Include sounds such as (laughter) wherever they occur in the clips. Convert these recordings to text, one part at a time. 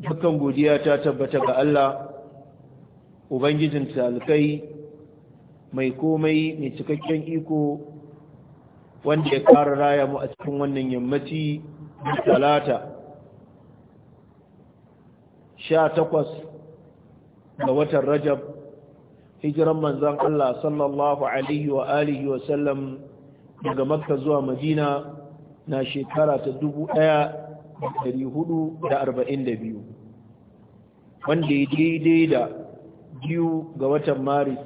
dukkan godiya ta tabbata ga Allah ubangijin talikai mai komai mai cikakken iko wanda ya kara raya mu a cikin wannan yammaci talata sha takwas ga watan rajab hijiran manzan Allah sallallahu alaihi wa alihi wa sallam daga makka zuwa madina na shekara ta dubu ɗaya biyu, wanda ya daidai da biyu ga watan maris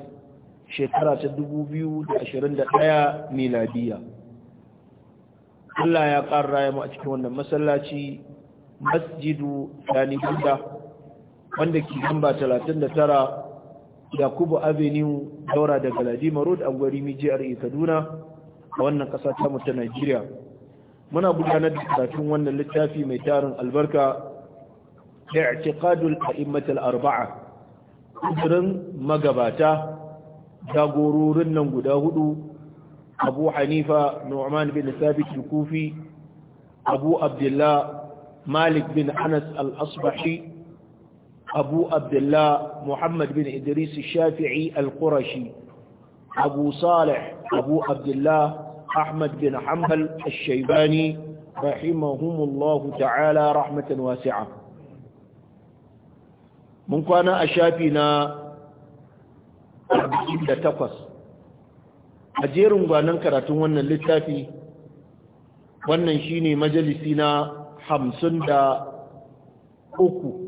shekara ta 2021 miladiya Allah ya ƙarra ya mu a cikin wannan masallaci masjidu yani buda wanda ke gamba 39 yakubu avenue daura da galadima road a gwari mijiyar kaduna a wannan ƙasa ta mutu ta najeriya muna gudanar da karatun wannan littafi mai tarin albarka i'tiqadul a'immatul arba'a kudurin magabata jagororin nan guda hudu abu hanifa nu'man bin sabit al-kufi abu abdullah malik bin anas al-asbahi abu abdullah muhammad bin idris al-shafi'i al-qurashi abu salih abu abdullah أحمد بن حنبل الشيباني رحمهم الله تعالى رحمة واسعة من كان أشافنا أربعين تقص أجير وانا كراتون وانا للتافي وانا شيني مجلسنا حمسن دا أكو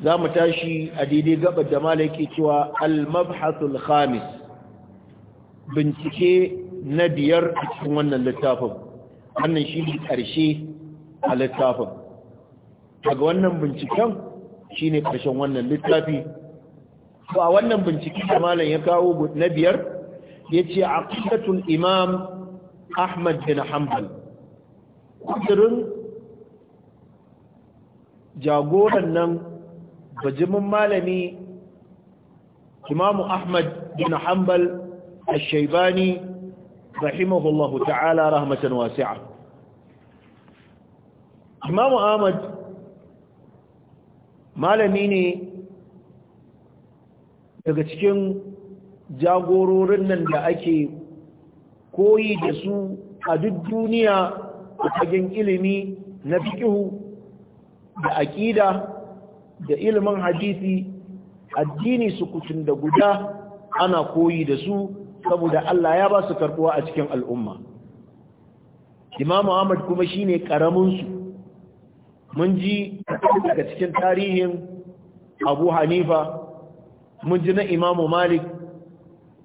za mu tashi a daidai gabar da malaki cewa al-mabhasul khamis bincike na biyar a cikin wannan littafin wannan shi ne ƙarshe a littafin daga wannan binciken shi ne ƙarshen wannan littafi ba wannan binciken da malam ya kawo na biyar ya ce a aqidatul imam ahmad bin hanbal ƙudurin jagoran nan bajimin malami imamu ahmad bin hanbal الشيباني rahimahullahu ta'ala rahmatan wasi'a Imam Ahmad malami ne daga cikin jagororin nan da ake koyi da su a duk duniya a ilimi na fiƙihu da aƙida da ilimin hadisi addini sukutun da guda ana koyi da su saboda Allah ya ba su karbuwa a cikin al'umma Imam Ahmad kuma shine karamin su mun ji daga cikin tarihin Abu Hanifa mun ji na Imam Malik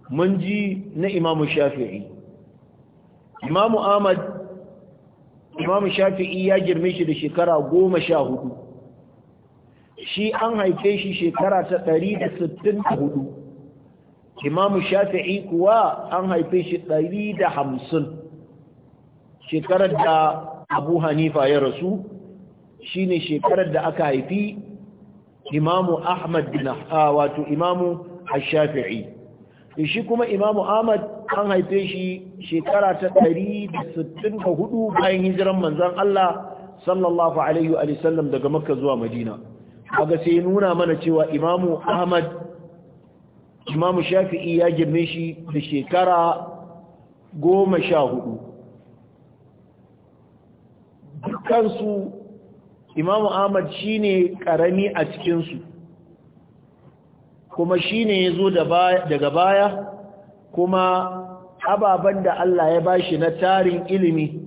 mun ji na Imam Shafi'i Imam Ahmad Imam Shafi'i ya girme shi da shekara goma sha hudu shi an haife shi shekara ta ɗari da sittin da hudu imamu shafi'i kuwa an haife shi ɗari da hamsin shekarar da abu hanifa ya rasu ne shekarar da aka haifi imamu ahmad bin wato imamu shafi'i shi kuma imamu ahmad an haife shi shekara ta ɗari da sittin da hudu bayan hijiran manzan Allah sallallahu alaihi wa sallam daga makka zuwa madina kaga sai nuna mana cewa imamu ahmad imamu shafi'i ya girme shi da shekara goma sha hudu dukansu imamu ahmad shine karami a cikinsu kuma shine ya zo daga baya kuma ababen da Allah ya bashi na tarin ilimi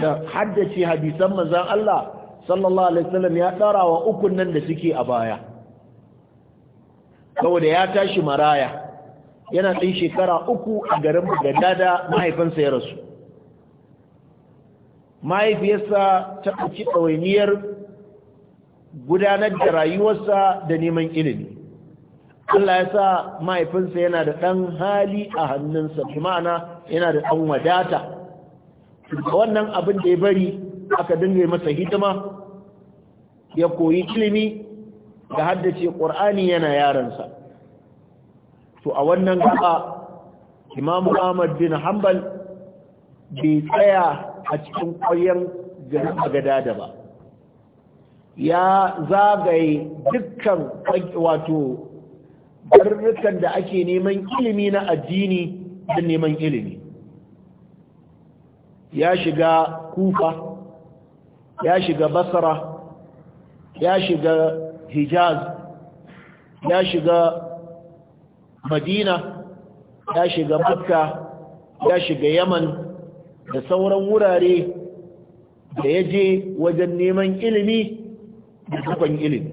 da haddace hadisan manzan Allah sallallahu alaihi wasallam ya ɗara wa ukun nan da suke a baya saboda ya tashi maraya yana ɗin shekara uku a garin gadada mahaifinsa ya rasu mahaifiyarsa ta ɗauki ɗawainiyar gudanar da rayuwarsa da neman ilimi Allah ya sa mahaifinsa yana da ɗan hali a hannunsa fi ma'ana yana da ɗan wadata wannan abin da ya bari aka dinga masa hidima ya koyi ilimi ga haddace ƙur'ani yana yaransa to a wannan gaba imam ahmad bin hanbal bai tsaya a cikin ƙwaryen garin da ba ya zagaye dukkan wato barnukan da ake neman ilimi na addini da neman ilimi ya shiga kufa ya shiga basara, ya shiga hijaz ya shiga madina ya shiga makka ya shiga yaman da sauran wurare da ya je wajen neman ilimi da kafan ilimi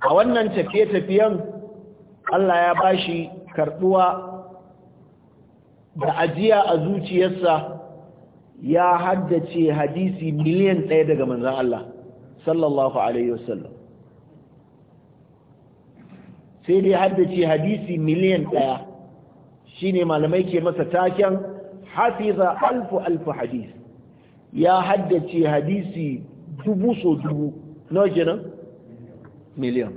a wannan tafiye-tafiyen Allah ya bashi karɓuwa da ajiya a zuciyarsa ya haddace hadisi miliyan ɗaya daga manzan Allah sallallahu alaihi wasallam sai dai haddace hadisi miliyan ɗaya shine malamai ke masa taken hafiza alfu alfu hadis ya haddace hadisi dubu so dubu nawa kenan miliyan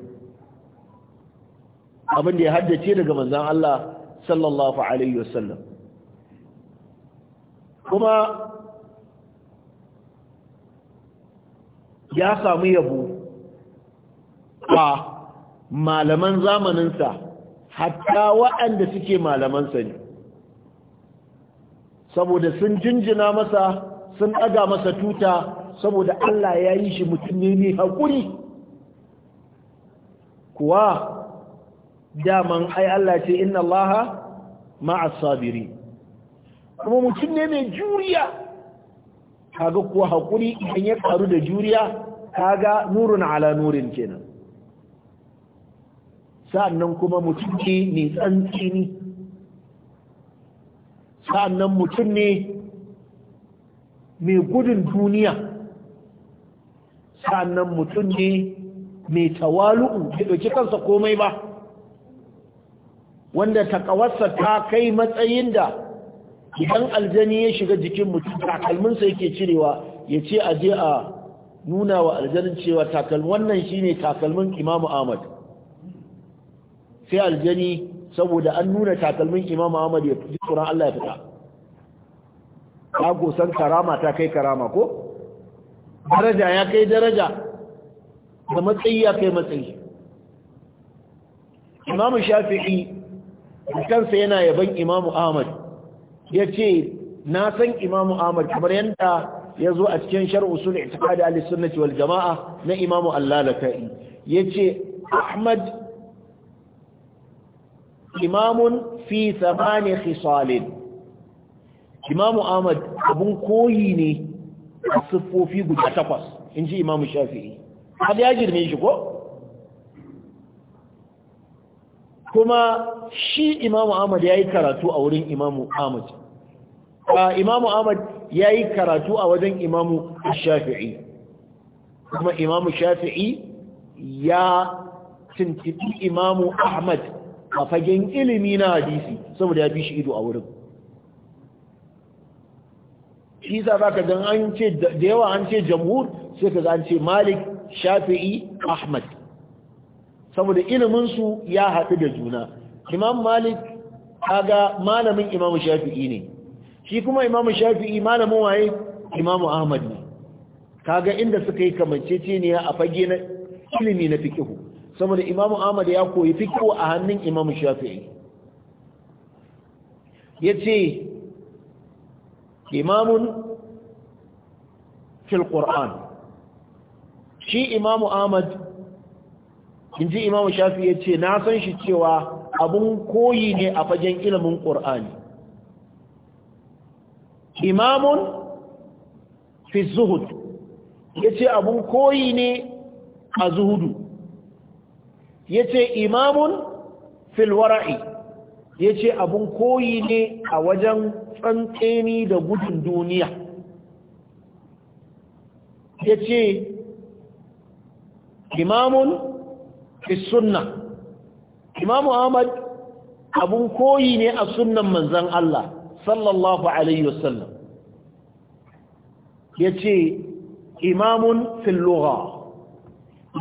abinda ya haddace daga manzon Allah sallallahu alaihi wasallam kuma ya samu yabo a malaman zamaninsa hatta waɗanda suke malamansa ne saboda sun jinjina masa sun ɗaga masa tuta saboda Allah ya yi shi mutum ne mai haƙuri kuwa daman ai Allah ce inna Allah ma'as sabiri kuma mutum ne mai juriya kaga kuwa haƙuri idan ya karu da juriya kaga nurun ala nurin kenan sa'annan kuma mutum ne mai tsantsini sa'annan mutum ne mai gudun duniya sa'annan mutum ne mai tawalu'u ya ɗauki kansa komai ba wanda takawarsa ta kai matsayin da idan aljani ya shiga jikin mutum takalminsa yake cirewa ya ce a je a nuna wa aljanin cewa takal wannan shine takalmin imamu ahmad sai aljani saboda an nuna takalmin imamu ahmad ya fi tsoron allah ya fita ka gosan karama ta kai karama ko daraja ya kai daraja da matsayi ya kai matsayi imamu shafi'i kansa yana yaban imamu ahmad ya ce na san imamu ahmad kamar yadda ya zo a cikin shar'u sun itikadi ahli sunnati wal jama'a na imamu al Ya ce ahmad imamun fi thamani khisalin imamu ahmad abun koyi ne a siffofi guda takwas inji imamu shafi'i har ya girme shi ko kuma shi imamu ahmad yi karatu a wurin imamu ahmad imamu ahmad ya yi karatu a wajen imamu shafi'i kuma imamu shafi'i ya tuntubi imamu ahmad a fagen ilimi na hadisi saboda ya bi shi ido a wurin shi za ka don an ce da yawa an ce jamhur sai ka zance malik shafi'i ahmad saboda iliminsu ya haɗu da juna imam malik kaga malamin imam shafi'i ne shi kuma imamu shafi'i malamin waye imamu ahmad ne kaga inda suka yi kamanceceniya a fage na ilimi na fikihu saboda imamu ahmad ya koyi fikihu a hannun imamu shafi'i ya ce imamun fil ƙur'an shi imamu ahmad in ji imamu shafi ya ce na san shi cewa abun koyi ne a fagen ilimin ƙur'ani imamun fi zuhud ya ce abun koyi ne a zuhudu ya ce imamun fil wara'i ya ce abun koyi ne a wajen tsantseni da gudun duniya ya ce imamun fi sunna imamu ahmad abun koyi ne a sunnan manzan Allah sallallahu alaihi wasallam yace imamun fil lugha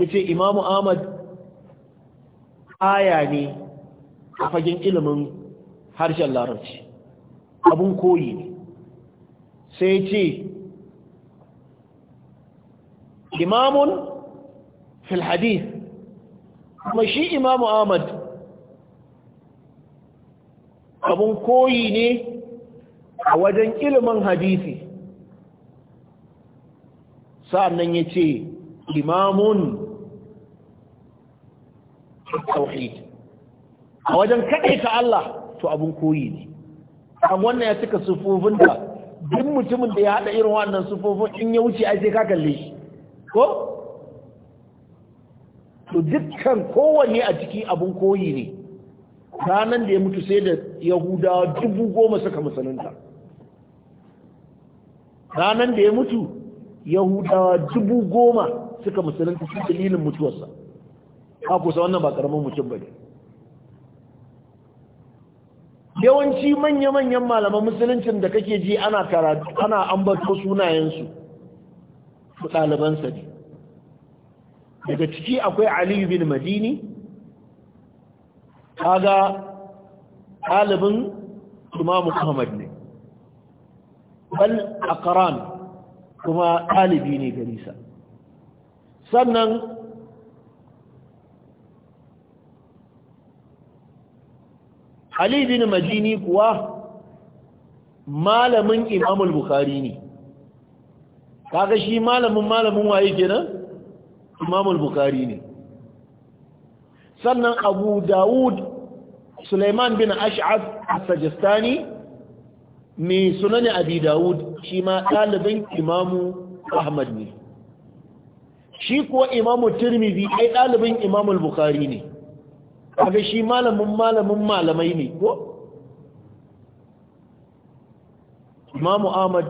yace imamu ahmad aya ne a fagen ilimin harshen larabci abun koyi ne sai ce imamun fil hadith kuma shi imam ahmad abun koyi ne a wajen ilimin hadisi sa'annan ya ce imamun tauhid a wajen kaɗaita Allah to abin koyi ne wannan ya cika sufofin da duk mutumin da ya haɗa irin wannan sufofin in ya wuce ake ka kalle shi ko to dukkan kowanne a ciki abin koyi ne ranar da ya mutu sai da yahudawa dubu goma suka musulunta ranar da ya mutu yahudawa dubu goma suka musulunta su dalilin mutuwarsa a kusa wannan ba karamin mutum ba ne yawanci manya-manyan malaman musuluncin da kake ji ana karatu ana ambato sunayensu su ɗalibansa ne daga ciki akwai aliyu bin madini kaga ɗalibin imamu ahmad ne bal aqran kuma ɗalibi ne gare sa sannan Ali bin majini kuwa malamin Imam al-Bukhari ne kaga shi malamin malamin waye kenan Imam al-Bukhari ne sannan Abu Dawud Sulaiman bin Ash'ab as-Sajistani mai sunani abi dawud shi ma ɗalibin imamu ahmad ne shi kuwa imamu tirmidhi ai ɗalibin imamu bukhari ne kaga shi malamin malamin malamai ne ko imamu ahmad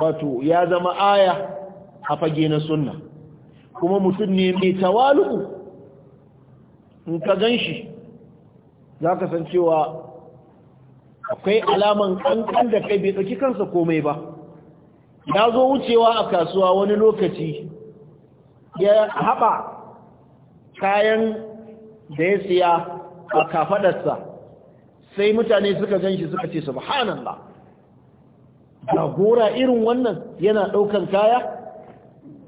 wato ya zama aya a fage na sunna kuma mutum ne mai tawalu in ka gan shi za ka san cewa akwai alaman kankan da kai bai ɗauki kansa komai ba ya zo wucewa a kasuwa wani lokaci ya haɓa kayan da ya siya a kafaɗarsa sai mutane suka gan shi suka ce subhanallah ga gora irin wannan yana ɗaukan kaya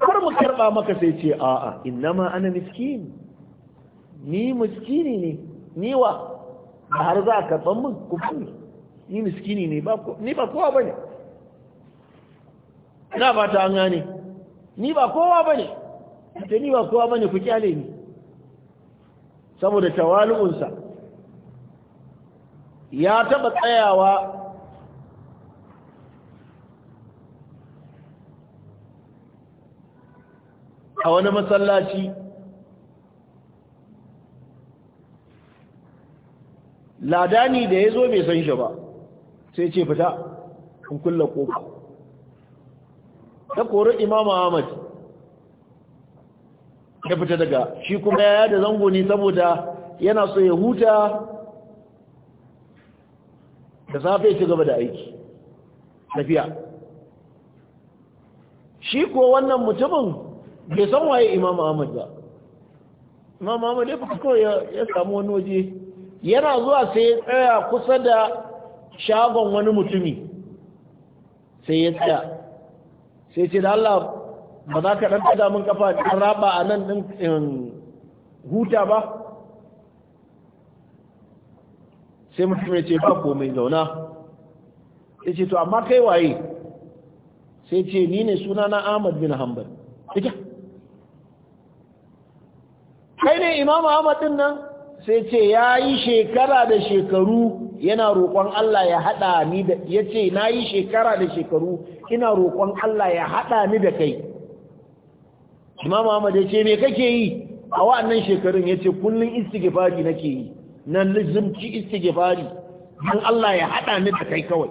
har mu karɓa maka sai ce a'a ma ana miskin ni miskini ne niwa har za a karɓan min kuma ni miskini ne ni ba kowa bane ina ba ta an gane ni ba kowa bane da ni ba kowa bane ku kyale ni saboda tawalu'unsa ya taba tsayawa a wani masallaci ladani da ya zo mai san shi ba sai ce fita in kulla kofa ta kori imam ahmad ya fita daga shi kuma ya da zango ne saboda yana so ya huta da safe ya ci gaba da aiki tafiya shi ko wannan mutumin bai san waye imam ahmad ba imam ahmad ya fita kawai ya samu wani waje yana zuwa sai ya tsaya kusa da shagon wani mutumi sai ya tsaya sai ce da Allah ba za ka ɗan taga min kafa ɗan raba a nan ɗin huta ba sai mutum ya ce ba komai zauna ya ce to amma kai waye sai ce ni ne suna na ahmad bin hanbal ita kai ne imam ahmad din nan sai ce ya yi shekara da shekaru yana roƙon Allah ya haɗa ni da ya ce na yi shekara da shekaru ina roƙon Allah ya haɗa ni da kai imam Ahmad ya ce me kake yi a wa'annan shekarun ya ce kullum istighfari nake yi na lizumci istighfari dan Allah ya haɗa ni da kai kawai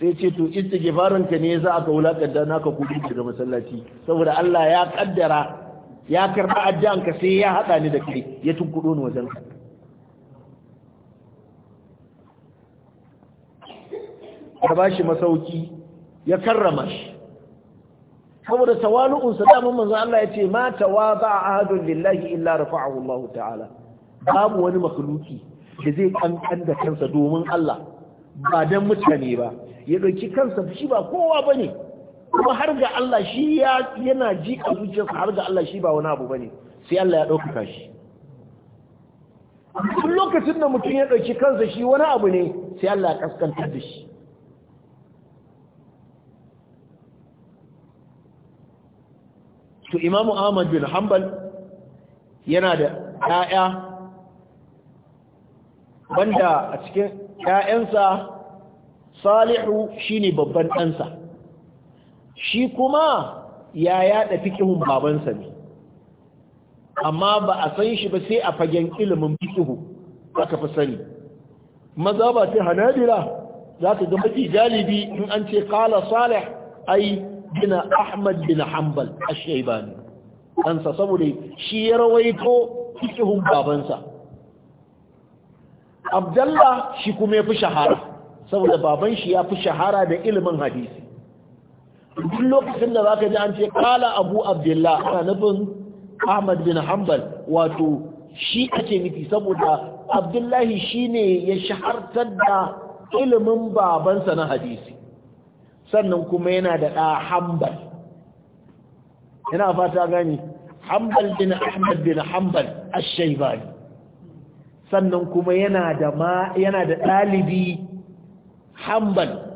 sai ce to istighfarin ka ne za aka na naka kudi daga masallaci saboda Allah ya ƙaddara. ya karba addu'an ka sai ya haɗa ni da kai ya tunkudo ni wajen ka ya ba shi masauki ya karrama shi saboda tawalu'un sa daman manzon Allah ya ce ma tawaba ahadu lillahi illa rafa'ahu Allah ta'ala babu wani makhluki da zai kankan da kansa domin Allah ba dan mutane ba ya dauki kansa shi ba kowa bane kuma har ga Allah shi yana ji a zuciyarsa har ga Allah shi ba wani abu bane sai Allah ya ɗaukaka shi duk lokacin da mutum ya ɗauki kansa shi wani abu ne sai Allah ya kaskantar da shi to Imam Ahmad bin Hanbal yana da ƴaƴa wanda a cikin ƴaƴansa Salihu shine babban ɗansa shi kuma ya yada fikihun babansa ne amma ba a san shi ba sai a fagen ilimin fikihu aka fi sani maza ba ta hanabila za ta ga mafi galibi in an ce kala salih ai gina ahmad bin hanbal ashaibani Kansa saboda shi ya rawaito fikihun babansa abdullah shi kuma ya fi shahara saboda baban shi ya fi shahara da ilimin hadisi duk lokacin da zaka ji an ce kala abu abdullah ana nufin ahmad bin hanbal wato shi ake nufi saboda abdullahi shi ne ya shahartar da ilimin babansa na hadisi sannan kuma yana da ɗa hanbal yana fata gani hanbal bin ahmad bin hanbal ash-shaybani sannan kuma yana da yana da ɗalibi hanbal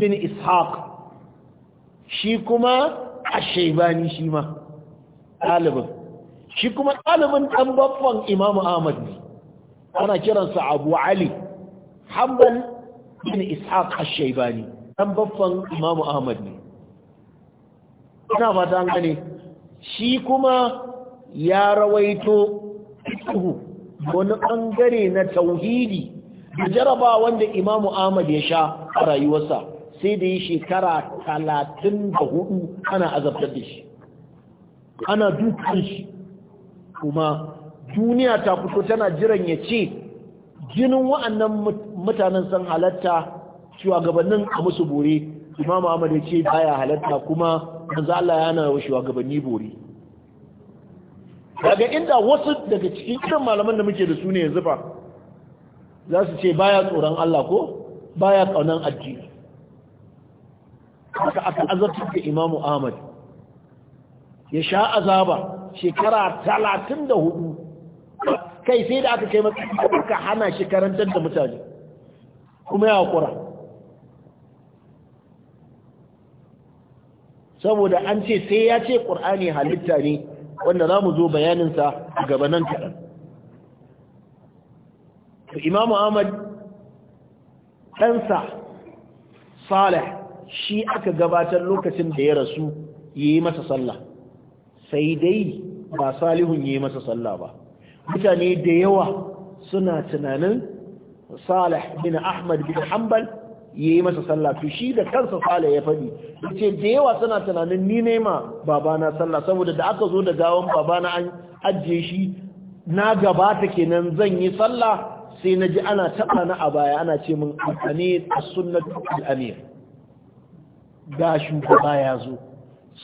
bin ishaq shi kuma ashaibani shi ma ɗalibin shi kuma ɗalibin ɗan baffan imamu ahmad ne ana kiransa abu ali hanbal bin ishaq ashaibani ɗan baffan imamu ahmad ne Ina fata an gane shi kuma ya rawaito duhu wani ɓangare na tauhidi da jaraba wanda imamu ahmad ya sha a rayuwarsa sai da yi shekara talatin da hudu ana azabtar da shi ana dukkan shi kuma duniya ta fito tana jiran ya ce jinin wa'annan mutanen sun halatta shugabannin a musu bore imam ahmad ya ce baya halatta kuma manzo Allah yana wa shugabanni bore daga inda wasu daga cikin irin malaman da muke da su ne yanzu fa za su ce baya tsoron Allah ko baya kaunan addini haka aka azabtar da imamu ahmad ya sha azaba shekara talatin da hudu kai sai da aka kai matsayi aka hana shi karantar da mutane kuma ya kura saboda an ce sai ya ce ƙur'ani halitta ne wanda za mu zo bayaninsa a gabanan kaɗan imamu ahmad ɗansa salih shi aka gabatar lokacin da ya rasu ya yi masa sallah sai dai ba salihun yi masa sallah ba mutane da yawa suna tunanin salih bin ahmad bin hanbal yi masa sallah to shi da kansa salih ya faɗi yace da yawa suna tunanin ni ne ma babana sallah saboda da aka zo da gawan babana an ajiye shi na gabata kenan zan yi sallah sai na ji ana taɓa na a baya ana ce mun amfani a sunnatu al'amir ga shugaba ya zo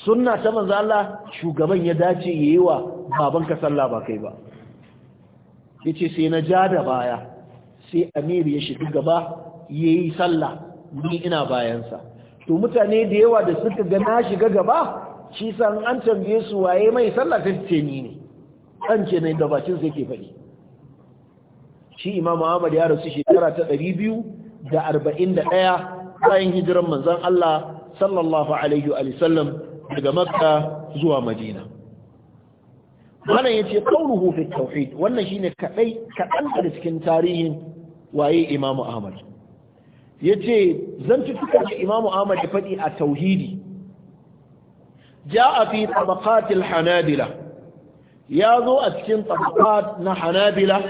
sunna ta manzo Allah shugaban ya dace yayi wa babanka sallah ba kai ba yace sai na ja da baya sai amir ya shiga gaba yayi sallah ni ina bayansa to mutane da yawa da suka ga na shiga gaba shi san an tambaye su waye mai sallah ta ce ni ne an ce ne da bakin sai ke faɗi shi imam Ahmad ya rasu shekara ta 241 bayan hijiran manzon Allah sallallahu alaihi wa sallam daga makka zuwa madina wannan yace qawluhu fi tauhid wannan shine kadai kadan da cikin tarihin waye Imam Ahmad yace zantuka da Imam Ahmad ya fadi a tauhidi jaa fi tabaqat al-hanabila yazo a cikin tabaqat na hanabila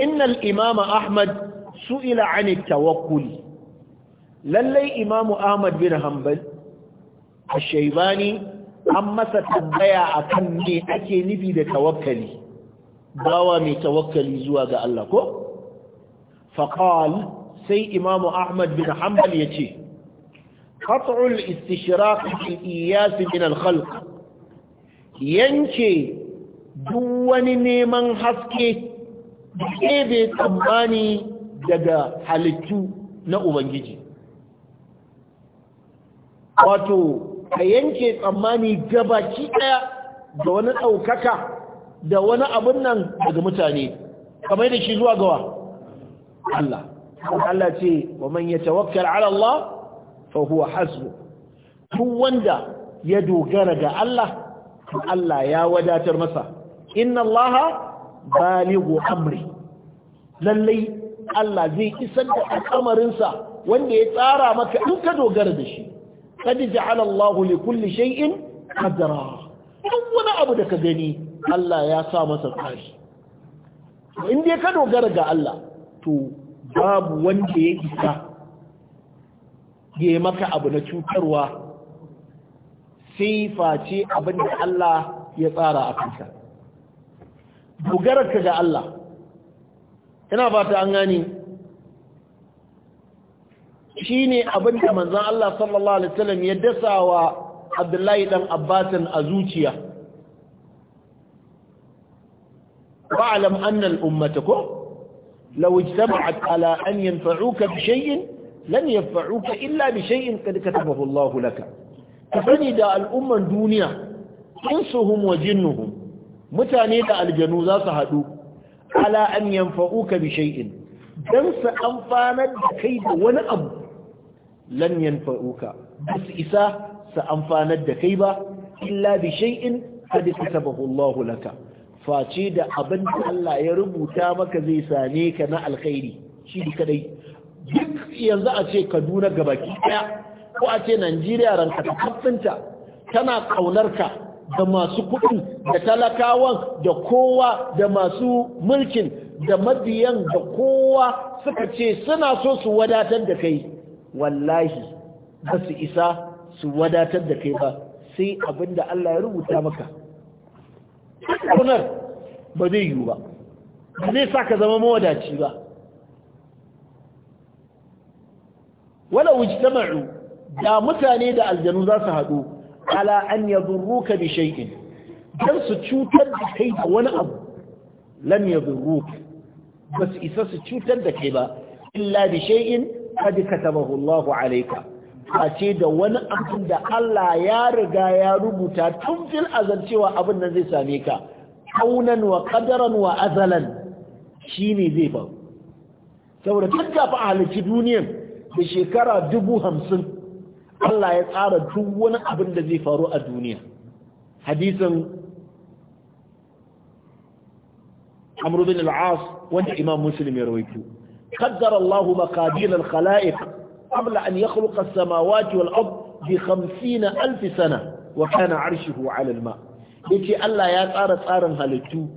inna al Ahmad su'ila ani tawakkuli lallai imamu ahmad bin hanbal ashaibani an masa tambaya akan me ake nufi da tawakkali bawa mai tawakkali zuwa ga Allah ko faqal sai imamu ahmad bin hanbal yace قطع الاستشراق في الإياس من الخلق yanke duk wani neman haske ebe tsammani daga halittu na ubangiji wato ka yanke tsammani gabaki ɗaya da wani ɗaukaka da wani abin nan daga mutane kamar da shi zuwa gawa Allah Allah ce wa man yatawakkal ala Allah fa huwa hasbu duk wanda ya dogara ga Allah Allah ya wadatar masa inna Allah balighu amri lallai Allah zai isar da al'amarinsa wanda ya tsara maka in ka dogara da shi kadi ja'ala Allahu li kulli shay'in duk wani abu da ka gani Allah ya sa masa tsari in dai ka dogara ga Allah to babu wanda ya isa ya maka abu na cutarwa sai face abin da Allah ya tsara a kanka dogararka ga Allah ina ba ta an gani shi ne abin da manzan Allah sallallahu Alaihi wasallam ya dasa wa abdullahi ɗan abbasin a zuciya ba'alam annal ummata ko لو اجتمعت على أن ينفعوك da لن ينفعوك إلا بشيء قد كتبه الله لك فني دا الأمة الدنيا إنسهم mutane da aljanu za su haɗu. ala an yanfa'uka bi shay'in dan su amfanar da kai da wani abu lan yanfa'uka bas isa su amfanar da kai ba illa bi shay'in qad katabahu Allah laka face da abin da Allah ya rubuta maka zai same ka na alkhairi shi kadai duk yanzu a ce Kaduna gabaki daya ko a ce Najeriya ranka ta kafinta tana kaunar ka da masu kuɗin da talakawan da kowa da masu mulkin da mabiyan da kowa suka ce suna so su wadatar da kai wallahi ba su isa su wadatar da kai ba sai abin da Allah ya rubuta maka ƙunar ba zai yiwu ba ba zai sa ka zama mawadaci ba wala wujtama'u da mutane da aljanu za su haɗu ala an yadurruka bi shay'in su cutar da kai da wani abu lam Ba su isa su cutar da kai ba illa bi shay'in ka katabahu alaika alayka ce da wani abin da Allah ya riga ya rubuta tun fil azal cewa abin nan zai same ka kaunan wa qadaran wa azalan shine zai faru saboda tun kafin a halarci duniyan da shekara dubu hamsin Allah ya tsara duk wani abin da zai faru a duniya hadisin Amr bin al-As wanda Imam Muslim ya rawaito qaddara Allah maqadir al-khalaiq qabla an yakhluqa as-samawati wal alfisana, bi 50000 sana wa kana 'arshuhu Allah ya tsara tsarin halittu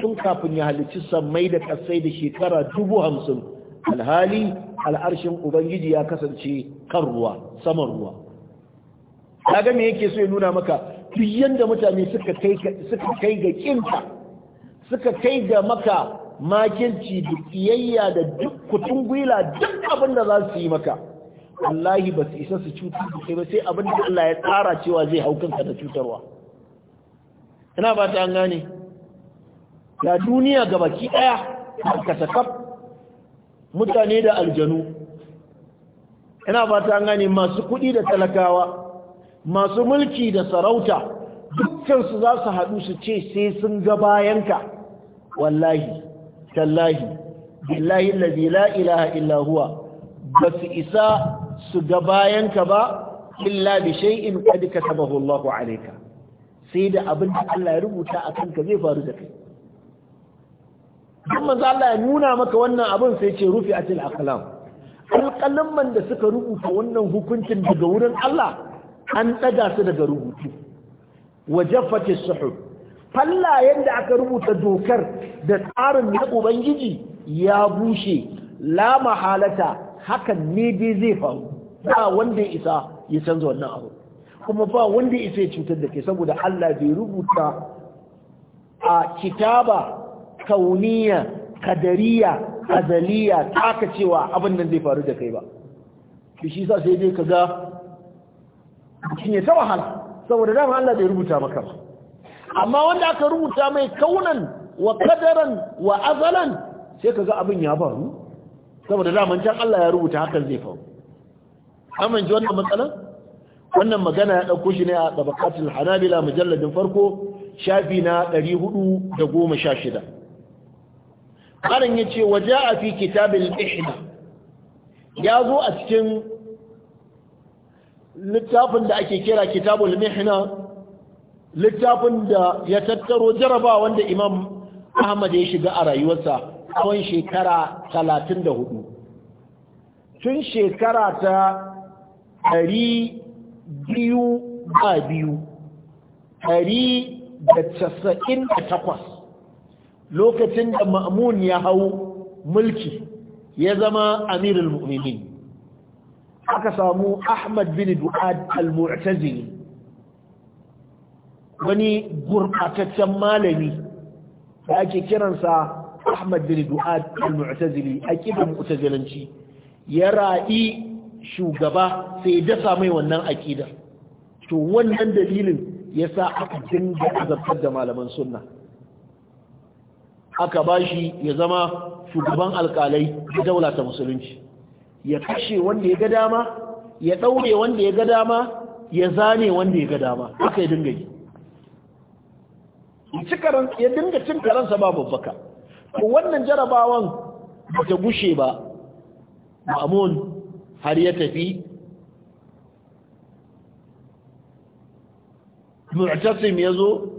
tun kafin ya halicci sammai da kasai da shekara dubu hamsin alhali al'arshin ubangiji ya kasance kan ruwa saman ruwa kaga me yake so ya nuna maka duk yanda mutane suka kai suka kai ga kinta suka kai ga maka makinci da da duk kutun gwila duk abin da za su yi maka wallahi ba su isa su cutar da ba sai abin da Allah ya tsara cewa zai hau kanka da cutarwa ina ba ta an gane da duniya gabaki daya ka kaf. mutane da aljanu ina fata ta gane masu kuɗi da talakawa masu mulki da sarauta dukkansu za su haɗu su ce sai sun ga bayanka wallahi tallahi billahi lazi ilaha ba su isa su ga bayanka ba illa bi shay'in qad katabahu Allahu alayka sai da abin da Allah ya rubuta akan ka zai faru da kai don manzo Allah ya nuna maka wannan abin sai ce rufi atil aqlam man da suka rubuta wannan hukuncin daga wurin Allah an ɗaga su daga rubutu wa jaffati suhuf falla yanda aka rubuta dokar da tsarin na ubangiji ya bushe la mahalata hakan ne dai zai faru ba wanda ya isa ya canza wannan abu kuma ba wanda isa ya cutar da ke saboda Allah bai rubuta a kitaba kauniya kadariya azaliya taka cewa abin nan zai faru da kai ba shi sa sai dai kaga shi ne ta wahala saboda dama Allah bai rubuta maka ba amma wanda aka rubuta mai kaunan wa kadaran wa azalan sai kaga abin ya faru saboda dama can Allah ya rubuta hakan zai faru amin ji wannan matsalan wannan magana ya dauko shi ne a tabaqatul hanabila mujalladin farko shafi na 416 malam ya ce waje a fi kitabin ihda ya zo a cikin littafin da ake kira kitabul mihna littafin da ya tattaro jaraba wanda imam ahmad ya shiga a rayuwarsa tsawon shekara talatin da hudu tun shekara ta ɗari biyu ba biyu ɗari da casa'in da takwas lokacin da ma'amun ya hau mulki ya zama amirul mu'minin aka samu ahmad bin du'ad al-mu'tazili wani gurbataccen malami da ake kiransa ahmad bin du'ad al-mu'tazili a kidan mu'tazilanci ya ra'i shugaba sai ya dasa mai wannan akidar to wannan dalilin ya sa aka dinga azabtar da malaman sunna aka bashi ya zama shugaban alkalai da daula ta musulunci ya kashe wanda ya ga dama ya daure wanda ya ga dama ya zane wanda ya ga dama aka yi dinga yi ya dinga cin karansa ba babbaka wannan jarabawan ba ta gushe ba ma'amun har ya tafi mu'tasim ya zo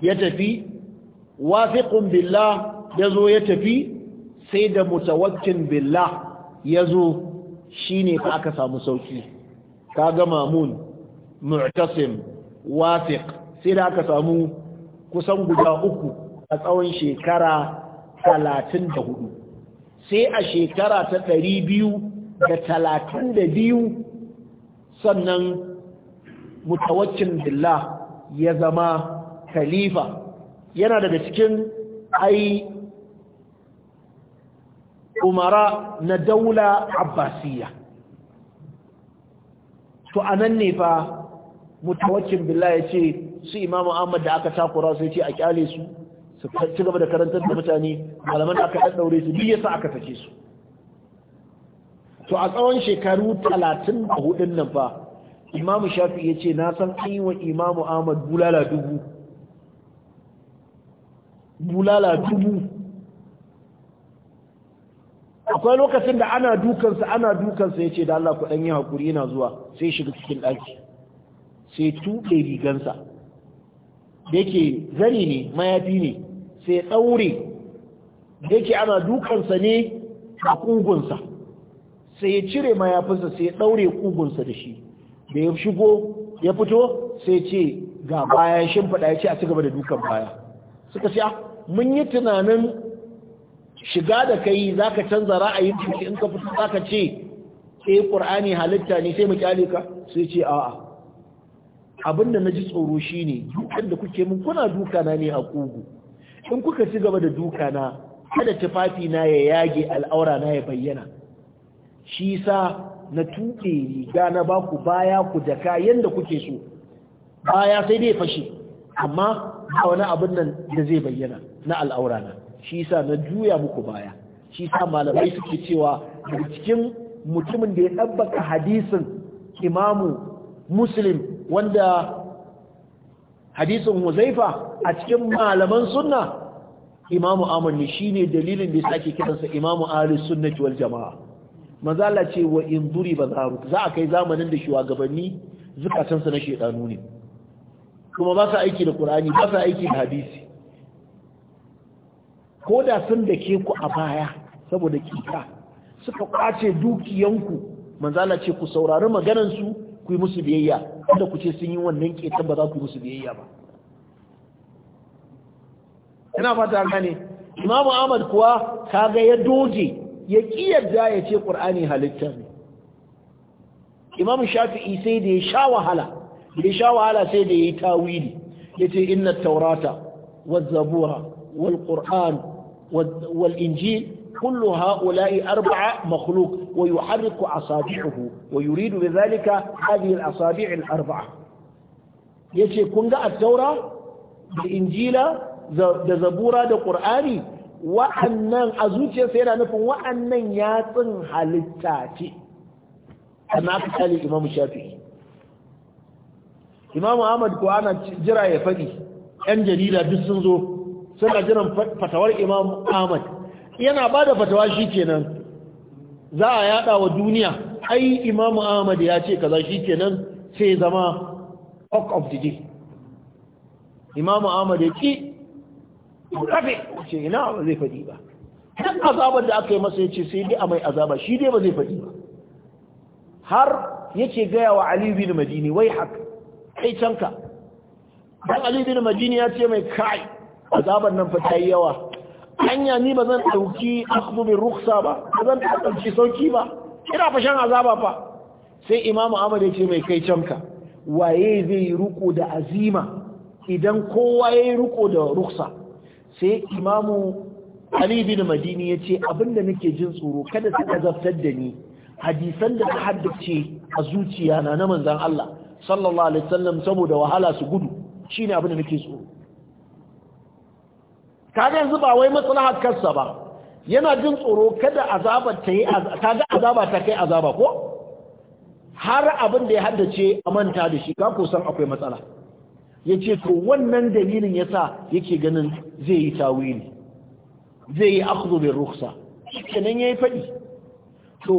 ya tafi wafiqun billah zo ya tafi sai da mutawakkil billah zo shine fa aka samu sauki Ka gama mamun mu'tasim wafiq sai da aka samu kusan guda uku a tsawon shekara talatin da hudu sai a shekara ta ɗari biyu da da talatin biyu sannan mutawakkil billah ya zama khalifa yana daga cikin ai umara na daula abbasiyya to anan ne fa mutawakkin billahi yace su imamu ahmad da aka takura sai ce a kyale su su ci gaba da karantar da mutane malaman aka daure su biye sa aka take su to a tsawon shekaru talatin din hudun nan fa imamu shafi yace na san an wa imamu ahmad bulala dubu bulala dubu akwai lokacin da ana dukansa ana dukansa ya ce da Allah ku dan yi haƙuri yana zuwa sai shiga cikin ɗaki sai tuɗe rigansa da yake zani ne mayafi ne sai ɗaure da yake ana dukansa ne a ƙugunsa sai ya cire mayafinsa sai ya ɗaure ƙugunsa da shi da ya shigo ya fito sai ce ga baya shimfiɗa ya ce a cigaba da dukan baya suka ce ah, mun yi tunanin shiga da kai za ka canza ra'ayin ciki in ka fito za ka ce eh ƙur'ani halitta ne sai mu kyale ka sai ce a'a abin da na ji tsoro shi ne dukan da kuke mun kuna dukana ne a kugu in kuka ci gaba da dukana kada tufafi na ya yage al'aura na ya bayyana shi sa na tuke riga na ba ku baya ku daka yadda kuke so baya sai dai fashe amma ba wani abin nan da zai bayyana na al'aura na shi sa na juya muku baya shi sa malamai suke cewa cikin mutumin da ya dabbaka hadisin imamu muslim wanda hadisin huzaifa a cikin malaman sunna imamu amurni ne dalilin da ya ake kiransa imamu ahlus sunnati wal jamaa mazala ce wa in duri ba za a kai zamanin da shugabanni zukatansa na shekaru ne kuma ba sa aiki da ƙur'ani, ba sa aiki da hadisi ko da sun da ke ku a baya saboda kika suka kwace dukiyanku manzala ce ku saurari maganansu ku yi musu biyayya kada ku ce sun yi wannan ƙetan ba za ku yi musu biyayya ba Yana fata gane imamu ahmad kuwa kaga ya doge ya yadda ya ce Ƙur'ani halitta ne imamu shafi'i sai da ya sha wahala da ya sha wahala sai da ya yi tawili ya ce inna taurata wa zabura wal والإنجيل كل هؤلاء أربعة مخلوق ويحرك أصابعه ويريد بذلك هذه الأصابع الأربعة يجي كنغا التوراة الإنجيل da zabura da ƙur'ani wa'annan a zuciyarsa yana nufin wa'annan yatsun halitta ce ana aka imam shafi'i imam ahmad ko ana jira ya faɗi 'yan jarida duk sun zo suna jiran fatawar imam ahmad yana ba da fatawa shi kenan za a yada wa duniya ai imam ahmad ya ce kaza shi kenan sai zama talk of the day imam ahmad ya ki rafe ce ina ba zai faɗi ba Ɗan azabar da aka yi masa ya ce sai dai a mai azaba shi dai ba zai faɗi ba har yake gaya wa Ali bin Madini wai haka kai canka dan Ali bin Madini ya ce mai kai Azabar nan fa tayi yawa hanya ni bazan zan dauki akhdhu bi rukhsa ba bazan dauki sauki ba ina shan azaba fa sai imam Ahmad ya ce mai kai canka waye zai ruko da azima idan kowa yayi ruko da rukhsa sai imamu Ali bin Madini ya ce abinda nake jin tsoro kada su azabtar da ni hadisan da ta haddace a zuciya na na manzon Allah sallallahu alaihi wasallam saboda wahala su gudu shine abinda nake tsoro kaga yanzu ba wai maslahar kansa ba yana jin tsoro kada azaba ta yi kaga azaba ta kai azaba ko har abin da ya haddace a manta da shi ka kusan akwai matsala ya ce to wannan dalilin ya sa yake ganin zai yi tawili zai yi akhdhu bin rukhsa kenan yayi faɗi to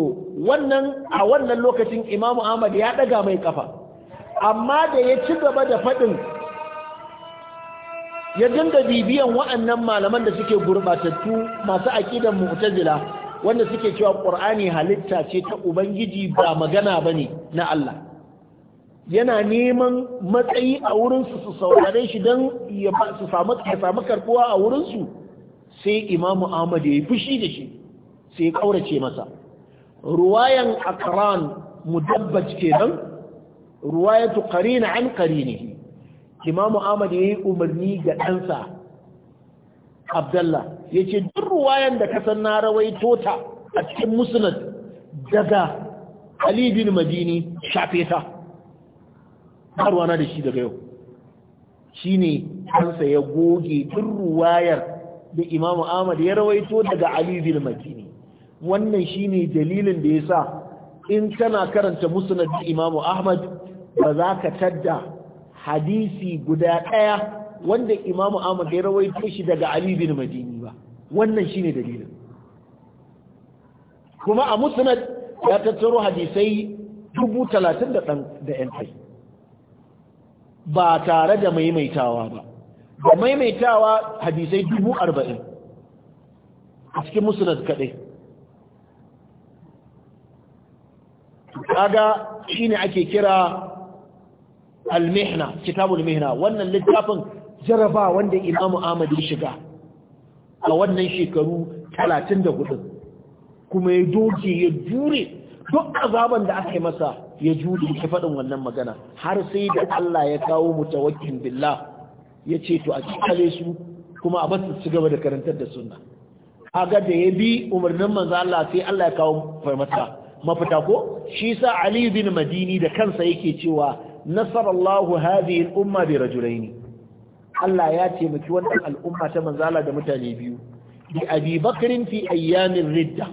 wannan a wannan lokacin imamu ahmad ya ɗaga mai kafa amma da ya ci gaba da faɗin ya dinga bibiyan wa'annan malaman da suke gurbatattu masu aqidan mu'tazila wanda suke cewa qur'ani halitta ce ta ubangiji ba magana bane na Allah yana neman matsayi a wurin su saurare shi don ya samu karkuwa a wurin su, sai imamu ahmad ya fushi da shi sai ya kaurace masa ruwayan akran mudabbaj kenan ruwayatu qarin an qarinihi imamu ahmad ya yi umarni ga ɗansa abdallah ya ce duk ruwayan da ka san na rawaito ta a cikin musnad daga ali bin madini shafe ta harwana da shi daga yau shi ne ɗansa ya goge duk ruwayar da imamu ahmad ya rawaito daga ali madini wannan shi ne dalilin da ya sa in kana karanta musnad imamu ahmad ba za ka tadda hadisi guda ɗaya wanda imamu Ahmad ya rawaito shi daga Ali bin Madini ba wannan shine dalilin kuma a musnad ya tattaro hadisai dubu talatin da ɗan kai ba tare da maimaitawa ba da maimaitawa hadisai dubu arba'in a cikin musnad kaɗai kaga shine ake kira al-mihna kitabul mihna wannan littafin jaraba wanda Imam Ahmad ya shiga a wannan shekaru 34 kuma ya doke ya jure duk azaban da aka yi masa ya jure ya faɗin wannan magana har sai da Allah ya kawo mutawakkil billah ya ce to a cikale su kuma a basu su gaba da karantar da sunna kaga da ya bi umarnin manzo Allah sai Allah ya kawo farmata mafita ko shi sa Ali bin Madini da kansa yake cewa nasarallahu hadhihi al-umma bi rajulaini Allah ya taimaki wannan al'umma ta manzala da mutane biyu bi Abi Bakrin fi ayyamin ridda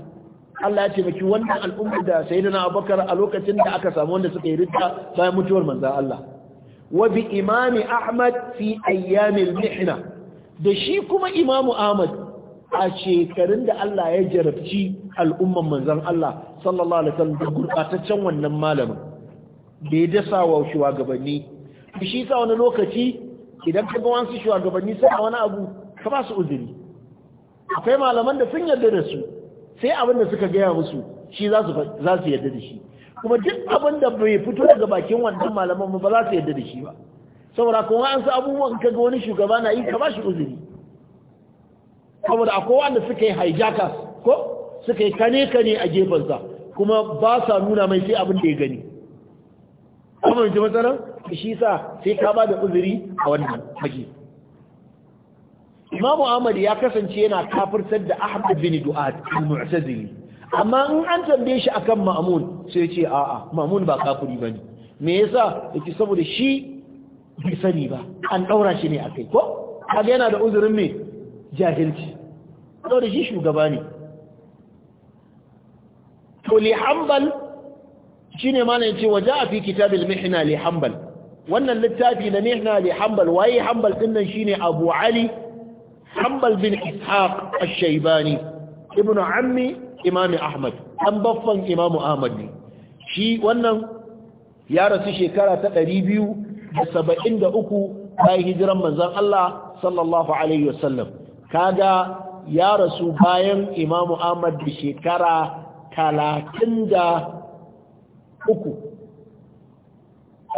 Allah ya taimaki wannan al'umma da sayyidina Abubakar a lokacin da aka samu wanda suka yi ridda bayan mutuwar manzon Allah wa bi Imami Ahmad fi ayyamin mihna da shi kuma Imam'u Ahmad a shekarun da Allah ya jarabci al'umman manzon Allah sallallahu alaihi wasallam da gurbataccen wannan malamin da ya dasa wa shugabanni shi sa wani lokaci idan ka ga wasu shugabanni a wani abu ka ba su uzuri akwai malaman da sun yarda da su sai abin da suka gaya musu shi za su yarda da shi kuma duk abin da bai fito daga bakin wannan malaman ba za su yarda da shi ba saboda kuma an abubuwan ka ga wani shugaba na yi ka ba shi uzuri saboda akwai wanda suka yi hijackers ko suka yi kane kane a gefensa kuma ba sa nuna mai sai abin da ya gani kuma ji matsala shi sa sai ka ba da uzuri a wannan haji Imam Ahmad ya kasance yana kafirtar da Ahmad bin Du'ad al-Mu'tazili amma in an tambaye shi akan Ma'mun sai ya ce a'a Ma'mun ba kafiri bane me yasa yake saboda shi bai sani ba an daura shi ne akai ko kaga yana da uzurin me jahilci saboda shi shugaba ne to li hanbal shine malam yace wa jaa fi kitabil mihna li hanbal wannan littafi na mihna li hanbal waye hanbal din nan shine abu ali hanbal bin ishaq ash-shaybani ibnu ammi imam ahmad Ɗan baffan imam ahmad ne shi wannan ya rasu shekara ta 273 bayan hijiran manzon Allah sallallahu alaihi wasallam kaga ya rasu bayan imam ahmad da shekara talatin da uku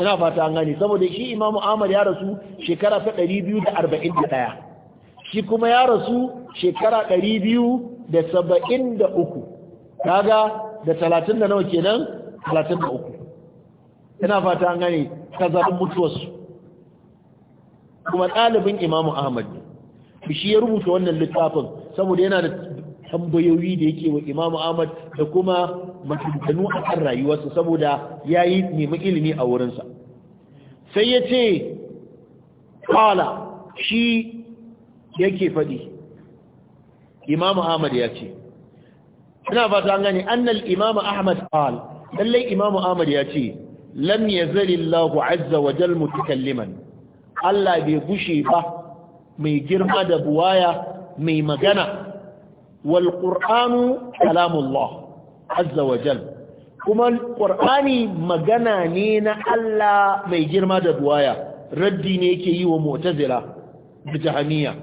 ina fata an gani saboda shi imamu ahmad ya rasu shekara ta 241 shi kuma ya rasu shekara 273 kaga da 30 da nawa kenan 33 ina fata an gani tazarin mutuwarsu kuma ɗalibin imamu ahmad shi ya rubuta wannan littafin saboda yana da tambayoyi da yake wa Imam Ahmad da kuma matantanu a kan rayuwarsa saboda yayi nemi ilimi a wurinsa sai ya ce qala shi yake faɗi Imam Ahmad ya ce Suna fata gani, annal Imam Ahmad qala lallai Imam Ahmad ya ce lam yazalillahu azza wa jalla mutakalliman Allah bai gushe ba mai girma da buwaya mai magana wal qur'anu kalamullah azza wa jalla kuma ƙwar'ani magana ne na Allah mai girma da duwaya raddi ne yake yi wa mutazila da jahaniya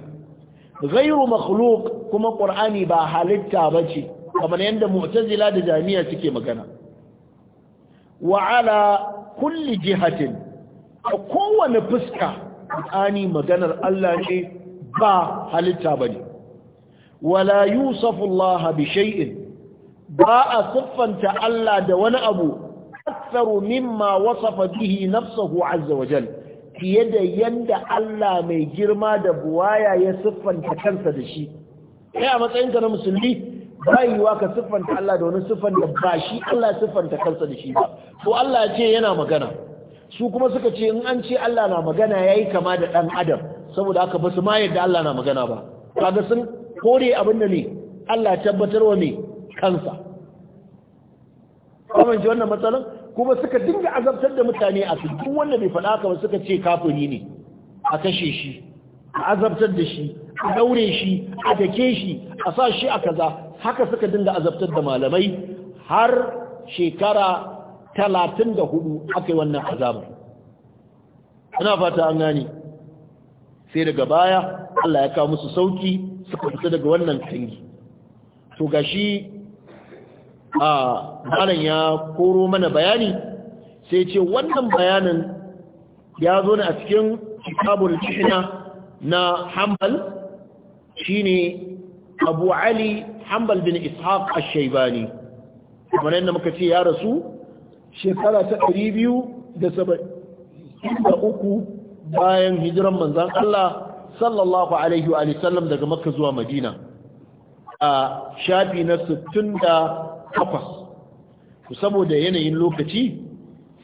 gairu makhluk kuma ƙwar'ani ba halitta ba ce kamar yadda mutazila da jami'a suke magana wa'ala kulli jihatin a kowane fuska ƙwar'ani maganar Allah ne ba halitta bane. wala yusafu Allah bi ba a siffanta Allah da wani abu aktharu mimma wasafa bihi nafsuhu azza wa jal fiye da yanda Allah mai girma da buwaya ya siffanta kansa da shi kai a matsayinka na musulmi bayiwa ka siffanta Allah da wani siffan da ba shi Allah siffanta kansa da shi ba to Allah ya ce yana magana su kuma suka ce in an ce Allah na magana yayi kama da ɗan adam saboda haka ba su ma yadda Allah na magana ba kaga kore abin da ne Allah tabbatar wa ne kansa kuma ji wannan matsalan kuma suka dinga azabtar da mutane a su duk wanda bai faɗa ka ba suka ce kafiri ne a kashe shi a azabtar da shi a daure shi a dake shi a sa shi a kaza haka suka dinga azabtar da malamai har shekara talatin da hudu aka yi wannan azabar ina fata an gani. sai daga baya Allah ya kawo musu sauki suka fita daga wannan tangi to gashi a malam ya koro mana bayani sai ce wannan bayanin ya zo ne a cikin kitabul ihna na hanbal shine abu ali hanbal bin ishaq ash-shaybani kamar yadda muka ce ya rasu shekara ta 273 bayan hijiran manzon Allah sallallahu alaihi wa sallam daga makka zuwa madina a shafi na 68 saboda yanayin lokaci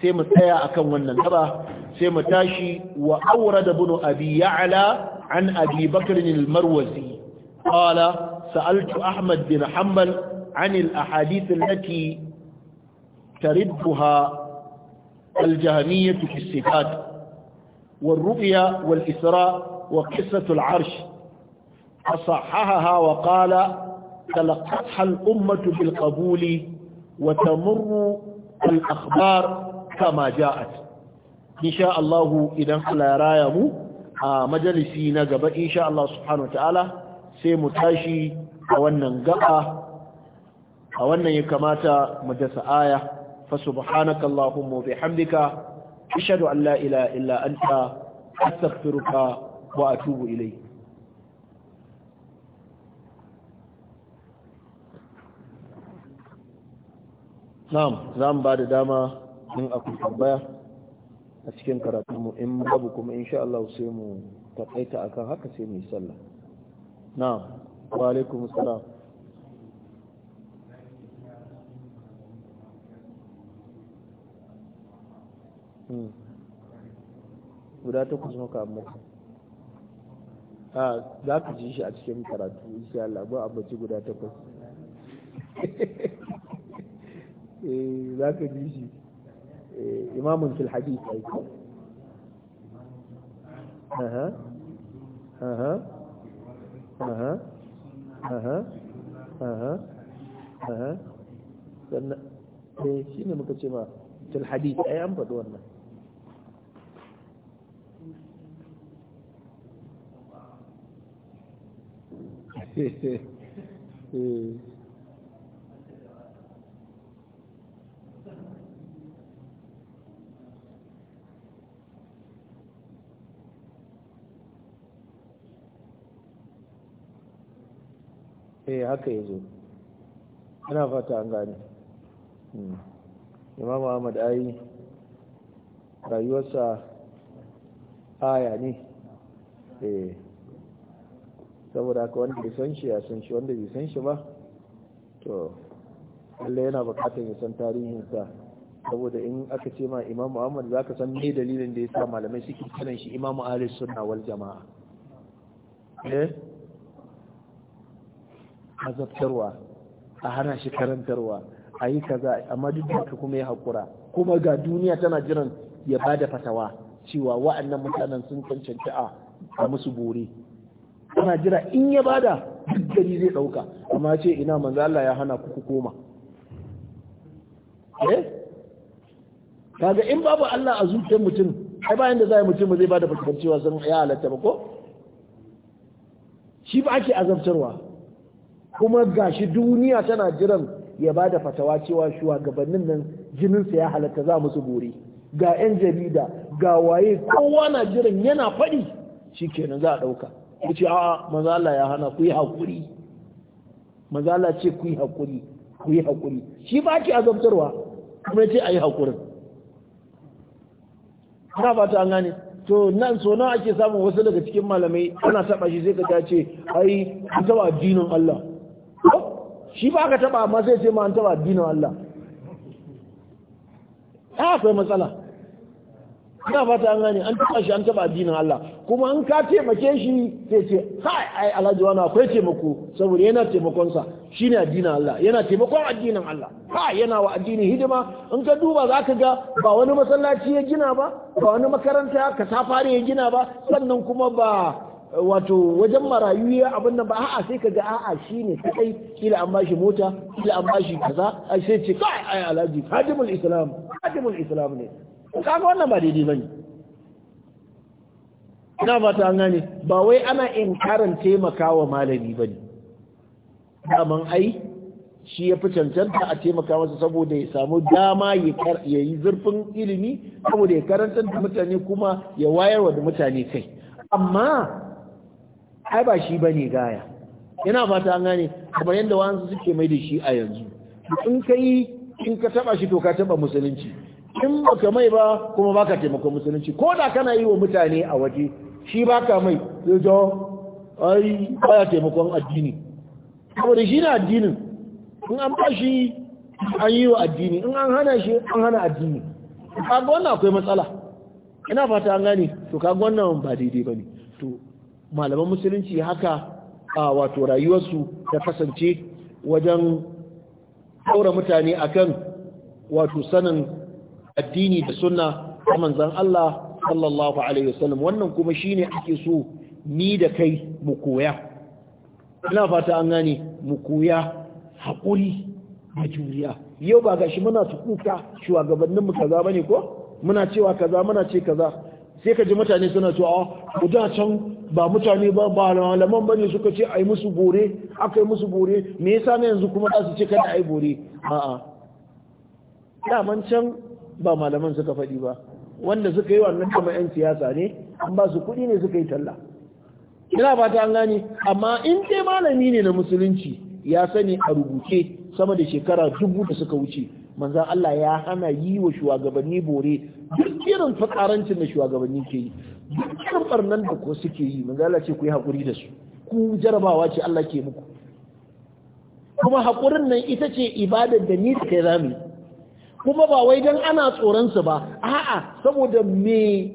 sai mu tsaya akan wannan gaba sai mu tashi wa aurada bunu abi ya'la an abi bakr al-marwazi qala sa'altu ahmad bin hanbal عن الأحاديث التي تردها الجهمية في الصفات والرؤيا والإسراء وقصة العرش فصححها وقال تلقتها الأمة بالقبول وتمر الأخبار كما جاءت إن شاء الله إذا على رايه مجلسي نقب إن شاء الله سبحانه وتعالى سيمتاشي أولا قاء أولا يكمات مجلس آية فسبحانك اللهم وبحمدك أشهد أن لا إله إلا أنت أستغفرك wa atubu ilayhi Na'am, za mu ba da dama in akwai tambaya a cikin mu in babu kuma insha Allah sai mu takaita akan haka sai mu yi sallah. Na'am, wa alaikum salam. Hmm. Guda takwas muka amma. a za ku ji shi a cikin karatu insha Allah ba ci guda takwas (laughs) eh, za ka ji shi eh, imamun fil hadith ai aha aha aha aha aha aha sannan eh shine muka ce ma fil hadith ai an faɗi wannan (laughs) eh haka yazo ana fata an gane hmm. imam ahmad ai rayuwarsa aya ne eh saboda haka wanda bai san shi ya san shi wanda bai san shi ba to Allah yana bukatar ya san tarihin sa saboda in aka ce ma Imam Muhammad zaka san me dalilin da yasa malamai suke kiran shi Imam Ahlus Sunna wal Jama'a eh azabtarwa a hana shi karantarwa ayi kaza amma duk da kuma ya hakura kuma ga duniya tana jiran ya bada fatawa cewa wa'annan mutanen sun cancanci a musu bore ana jira in ya bada duk gari zai dauka amma ce ina manzo Allah ya hana ku koma eh kaga in babu Allah a zuciyar mutum ai bayan da zai mutum zai bada fuskar cewa ya halatta ba ko shi ba ake azabtarwa kuma gashi duniya tana jiran ya bada fatawa cewa shugabannin nan jininsa ya halatta za musu gore ga 'yan jarida ga waye kowa na jiran yana faɗi shi kenan za a ɗauka ku ce a'a mazala ya hana ku yi hakuri mazala ce ku yi hakuri ku yi hakuri shi ba ki azabtarwa kuma ce ayi hakurin ta fata an gane to nan so nan ake samun wasu daga cikin malamai ana taba shi sai ka ta ce ai an taba addinin Allah shi ba ka taba amma sai ce ma an taba addinin Allah ta akwai matsala ina fata an gane an taba shi an taba addinin Allah kuma an ka taimake shi sai ce kai ai alhaji wani akwai taimako saboda yana taimakon sa shine addinin Allah yana taimakon addinin Allah ha yana wa addini hidima in ka duba zaka ga ba wani masallaci ya gina ba ba wani makaranta ka safari ya gina ba sannan kuma ba wato wajen marayu ya abin nan ba a'a sai ka ga a'a shine kai kila an bashi mota kila an bashi kaza ai sai ce kai ai alhaji hadimul islam hadimul islam ne kaga wannan ba daidai bane ina fata an gane ba wai ana inkarin taimakawa malami bane daman ai shi ya fi cancanta a taimaka masa saboda ya samu dama ya yi zurfin ilimi saboda ya karanta da mutane kuma ya wayar da mutane kai amma ai ba shi bane gaya yana fata an gane kamar yadda wa'ansu suke mai da shi a yanzu in ka yi in ka taba shi to ka taba musulunci in baka mai ba kuma baka taimakon musulunci ko da kana yi wa mutane a waje shi baka mai zai zo ai baya taimakon addini saboda shi na addinin in an ba shi an yi wa addini in an hana shi an hana addini kaga wannan akwai matsala ina fata an gane to kaga wannan ba daidai ne to malaman musulunci haka a wato rayuwarsu ta kasance wajen daura mutane akan wato sanin addini da sunna ta manzan Allah sallallahu alaihi wasallam wannan kuma shi ne ake so ni da kai mu koya ina fata an gane mu koya haƙuri a juriya yau ba gashi muna su kuka shugabannin mu kaza ba ne ko muna cewa kaza muna ce kaza sai ka ji mutane suna cewa a ah, da can ba mutane ba ba malaman bane suka ce ai musu bore aka musu bore me yasa ne yanzu kuma za su ce kada ai bore a'a daman can ba malaman suka faɗi ba wanda suka yi wannan kuma 'yan siyasa ne an ba su kuɗi ne suka yi talla ina fata an gane amma in dai malami ne na musulunci ya sani a rubuce sama da shekara dubu da suka wuce manzan Allah ya hana yi wa shugabanni bore duk irin fakarancin da shugabanni ke yi duk irin barnan da ko suke yi manzan Allah ce ku yi hakuri da su ku jarabawa ce Allah ke muku kuma hakurin nan ita ce ibadar da ni da kai kuma ba wai don ana tsoronsu ba a'a saboda me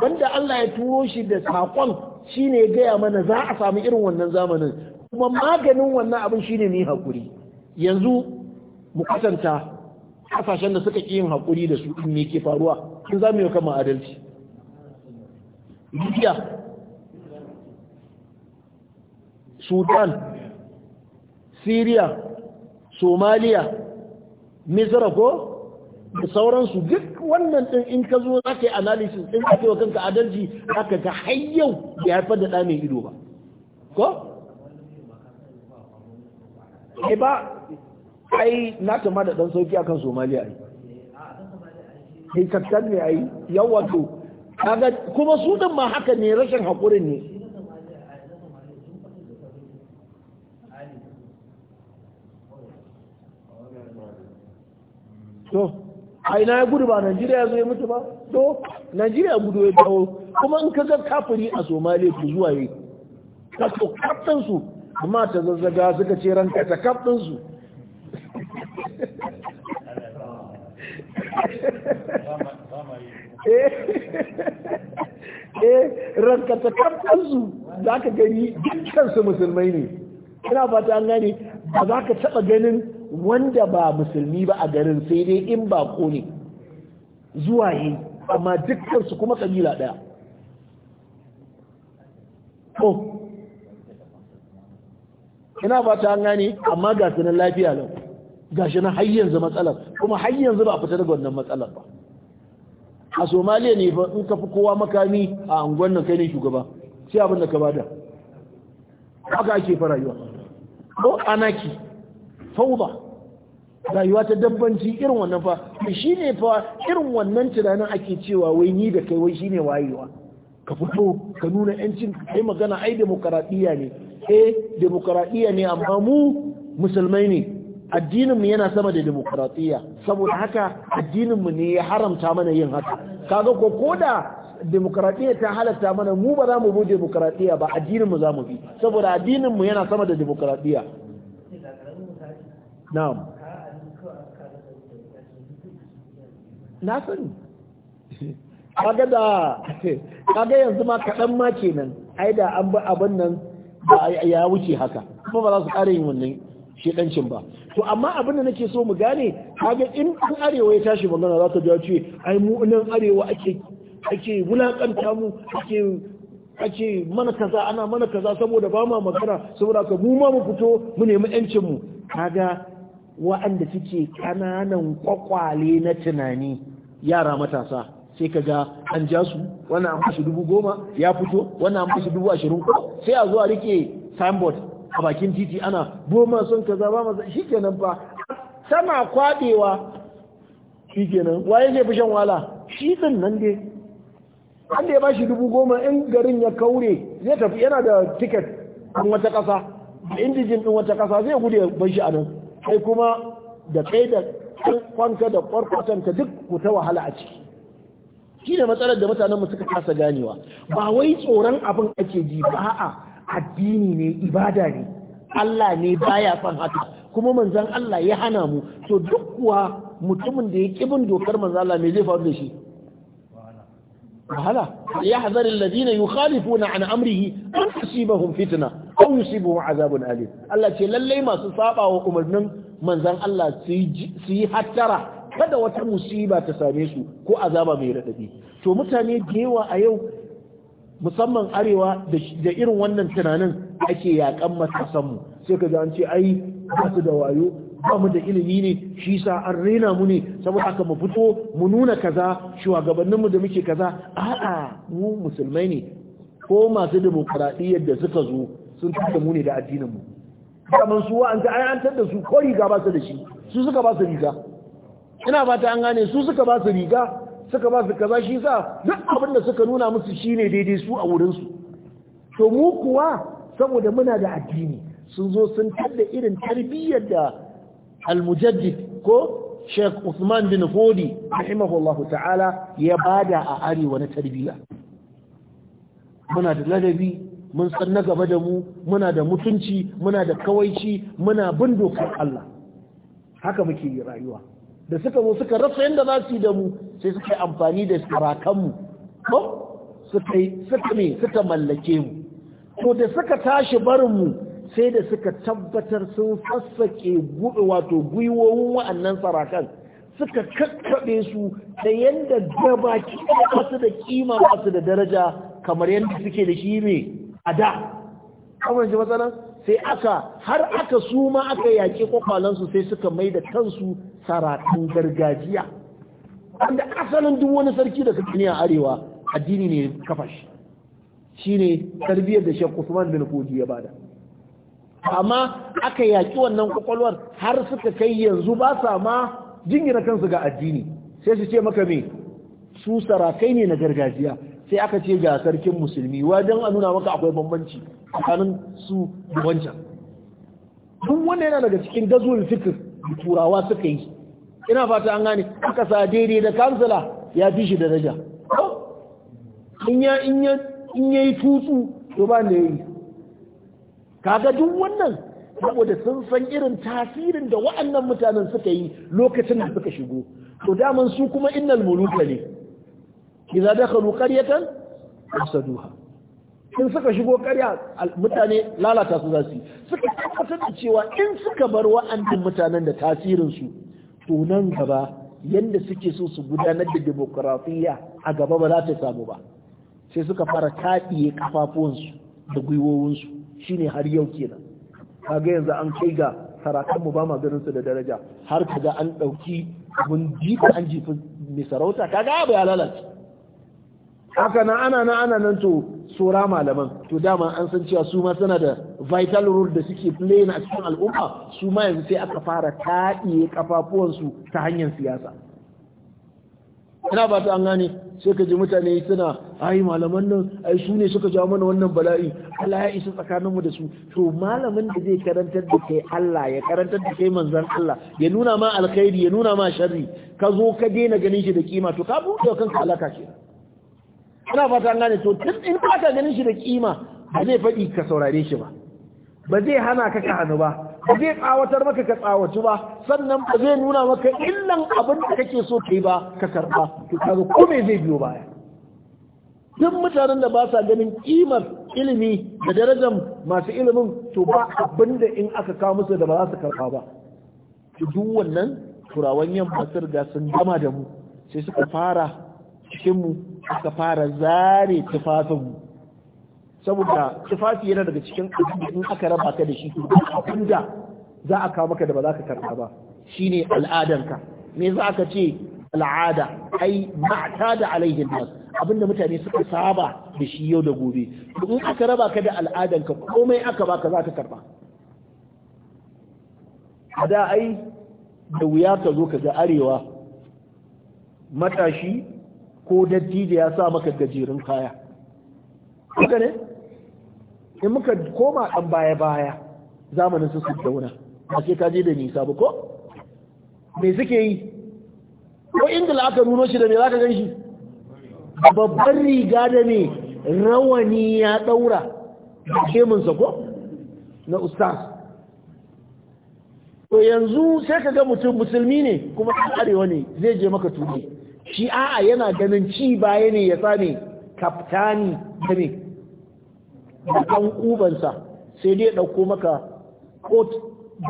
wanda Allah ya turo shi da saƙon shi ne gaya mana za a sami irin wannan zamanin kuma maganin wannan abin shi ne mai haƙuri yanzu mu kasanta kasashen da suka ƙi yin haƙuri da su in me ke faruwa in za mu yi kama adalci libya sudan syria Somalia. misra ko da sauransu duk wannan ɗin in ka zo za ka yi analysis ɗin ake wa kanka adalci haka ga har yau ya haifar da ɗa mai ido ba ko? ai ba ai na kama da ɗan sauki akan somaliya ai ai tattal ne ai yawa to kaga kuma su din ma haka ne rashin haƙurin ne to a ina ya gudu ba najeriya ya zo ya mutu ba to najeriya gudu ya dawo kuma in ka ga kafiri a somaliya ku zuwa yi ka so kaftan su amma ta zazzaga suka ce ranka ta kaftan su (laughs) eh, (laughs) eh ranka ta kaftan su za ka gani dukkan su musulmai ne ina fata an gane ba za ka taɓa ganin wanda ba musulmi ba a garin sai dai in bako ne zuwa yi amma su kuma kabila daya to ina ba ta gane amma ga su nan lafiya lau ga shi nan yanzu matsalar kuma har yanzu ba a fita daga wannan matsalar ba a somaliya ne ba in ka fi kowa makami a angon nan kai ne shugaba sai abin da ka bada haka ake fara yiwa ko anaki fauda rayuwa ta dabbanci irin wannan fa shi ne fa irin wannan tunanin ake cewa wai ni da kai wai shine wayewa ka fito ka nuna yancin kai magana ai demokaradiyya ne eh demokaradiyya ne amma mu musulmai ne addinin mu yana sama da demokaradiyya saboda haka addinin mu ne ya haramta mana yin haka kaga ko koda demokaradiyya ta halatta mana mu ba za mu bi demokaradiyya ba addinin mu za mu bi saboda addinin mu yana sama da demokaradiyya na'am na sani kaga da kaga yanzu ma kaɗan ma kenan ai da an bi abin nan ya wuce haka kuma ba za su ƙara yin wannan shedancin ba to amma abin da nake so mu gane kaga in an arewa ya tashi magana za ka ji ce ai mu nan arewa ake ake wulakanta mu ake ake mana kaza ana mana kaza saboda ba ma magana saboda ka mu ma mu fito mu nemi yancin mu kaga wa'anda suke kananan kwakwale na tunani yara matasa sai ka ga an ja su wani an bashi dubu goma ya fito wani an bashi dubu ashirin sai a zuwa rike signboard a bakin titi ana goma sun ka zaba masa shi kenan fa tana kwaɗewa shi kenan waye zai fi shan wala shi din nan dai an da ya bashi dubu goma in garin ya kaure zai tafi yana da tiket ɗin wata ƙasa indijin ɗin wata ƙasa zai gude bar shi a nan kai kuma da kai da kwanka da kwarkwatanka duk ku ta wahala a ciki shi ne matsalar da mutanen mu suka kasa ganewa ba wai tsoron abin ake ji ba a'a addini ne ibada ne Allah ne baya son haka kuma manzon Allah ya hana mu to duk kuwa mutumin da ya kibin dokar manzon Allah me zai faru da shi wahala ya hazar alladhina yukhalifuna an amrihi an tusibahum fitna aw yusibuhum azabun alim Allah ce lalle masu saba wa umarnin manzon Allah su yi hattara kada wata musiba ta same su ko azaba mai radadi to mutane da yawa a yau musamman arewa da irin wannan tunanin ake yakan matasanmu sai ka ji an ce ai ba su da wayo ba mu da ilimi ne shi sa an rena mu ne saboda haka mu fito mu nuna kaza shugabanninmu da muke kaza a'a mu musulmai ne ko masu demokradiyyar da suka zo sun tada mu ne da addinin mu kamar su wa'anta ai an tada su ko riga ba su da shi su suka ba su riga ina ta an gane su suka ba su riga suka ba su kaza shi sa duk abin da suka nuna musu shine daidai su a wurinsu to mu kuwa saboda muna da addini sun zo sun tada irin tarbiyyar da al-mujaddid ko Sheikh Usman bin Fodi rahimahullahu ta'ala ya bada a arewa na tarbiyya muna da ladabi mun san na gaba da mu muna da mutunci muna da kawaici muna bin dokar Allah haka muke yi rayuwa da suka zo suka rasa yanda za su da mu sai suka yi amfani da sarakanmu ko suka suka ne suka mallake mu to da suka tashi barin mu sai da suka tabbatar sun fassake wato gwiwowin wa'annan sarakan suka kakkaɓe su da yadda gaba ba da kima masu da daraja kamar yadda suke da shi ne a da kamar shi matsalan sai aka har aka su ma aka yaƙi kwakwalansu sai suka mai da kansu sarakun gargajiya wanda asalin duk wani sarki da kakini a arewa addini ne kafa shi shine tarbiyyar da shekku Usman bin kogi ya bada amma aka yaki wannan kwakwalwar har suka kai yanzu ba sa ma jingina kansu ga addini sai su ce maka me su sarakai ne na gargajiya sai aka ce ga sarkin musulmi wajen a nuna maka akwai bambanci tsakanin su da wancan duk wanda yana daga cikin gazuwar fikir da turawa suka yi ina fata an gane aka sa daidai da kansala ya fi shi daraja in ya in ya tutsu to ba da ya yi. kaga duk wannan saboda sun san irin tasirin da wa'annan mutanen suka yi lokacin da suka shigo to daman su kuma innal muluka ne idza dakhalu qaryatan afsaduha in suka shigo karya mutane lalata su zasu suka tabbatar da cewa in suka bar wa'annan mutanen da tasirin su to nan gaba yanda suke so su gudanar da demokrafiya a gaba ba za ta samu ba sai suka fara kaɗiye kafafuwansu da gwiwowinsu shine har yau kenan kaga yanzu an kai ga sarakanmu ba ma ganin su da daraja har kaga an ɗauki mun jifa an jifa mai sarauta kaga abu ya lalace haka na ana na ana nan to tsora malaman to dama an san cewa su ma suna da vital role da suke playing a cikin al'umma su ma yanzu sai aka fara taɗiye kafafuwansu ta hanyar siyasa ina ba ta an gane sai ka ji mutane suna ai malaman nan ai su ne suka jawo mana wannan bala'i Allah ya isa tsakaninmu da su to malamin da zai karantar da kai Allah ya karantar da kai manzon Allah ya nuna ma alkhairi ya nuna ma sharri ka zo ka daina ganin shi da kima to ka wa kanka alaka ce ina ta an gane to duk in ba ka ganin shi da kima ba zai faɗi ka saurare shi ba ba zai hana ka ka hannu ba ba zai tsawatar maka ka tsawaci ba sannan ba zai nuna maka illan abin da kake so kai ba ka karba to kaga ko me zai biyo baya duk mutanen da ba sa ganin kimar ilimi da darajar masu ilimin to ba abin da in aka kawo musu da ba za su karba ba duk wannan turawan yamma sun riga sun gama da mu sai suka fara cikin mu suka fara zare mu saboda tufafi yana daga cikin abin in aka raba ka da shi to abin da za a kawo maka da ba za ka karɓa ba shine al'adanka me za ka ce al'ada ai ma'ta da alaihin nas abinda mutane suka saba da shi yau da gobe in aka raba ka da al'adanka komai aka baka za ka karɓa a da ai da wuya ka zo ka ga arewa matashi ko dattijo ya sa maka gajerun kaya haka ne in muka koma ɗan baya-baya zamanin su su dauna a ce ka je da nisa ba ko me suke yi ko inda aka nuno shi da me za ka gan shi babban riga da ne rawani ya ɗaura keminsa ko na ustaz to yanzu sai ka ga mutum musulmi ne kuma ɗan arewa ne zai je maka tuni shi a'a yana ganin ci baya ne ya same kaftani da ne da ɗan ubansa sai dai ɗauko maka coat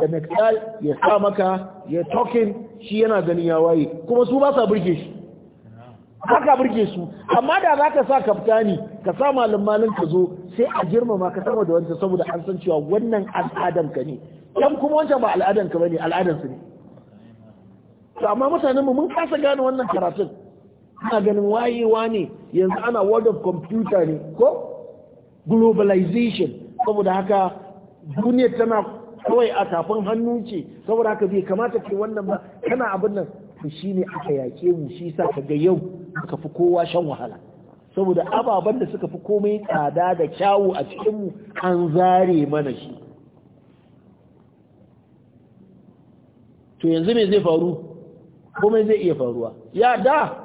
da mcdal ya sa maka ya talking shi yana ganin ya waye kuma su ba sa burge shi ba ka burge su amma da za ka sa kaftani ka sa malin ka zo sai a girmama ka sama da wancan saboda an san cewa wannan al'adan ka ne yan kuma wancan ba al'adan ka bane al'adan su ne to amma mutanen mu mun kasa gane wannan karatun ana ganin wayewa ne yanzu ana word of computer ne ko globalization saboda haka duniya tana kawai a tafin hannu ce saboda haka bai kamata ke wannan ba kana abin nan shi ne aka yake mu shi sa kaga yau aka fi kowa shan wahala saboda ababen da suka fi komai tsada da kyawu a cikinmu mu an zare mana shi to yanzu me zai faru komai zai iya faruwa ya da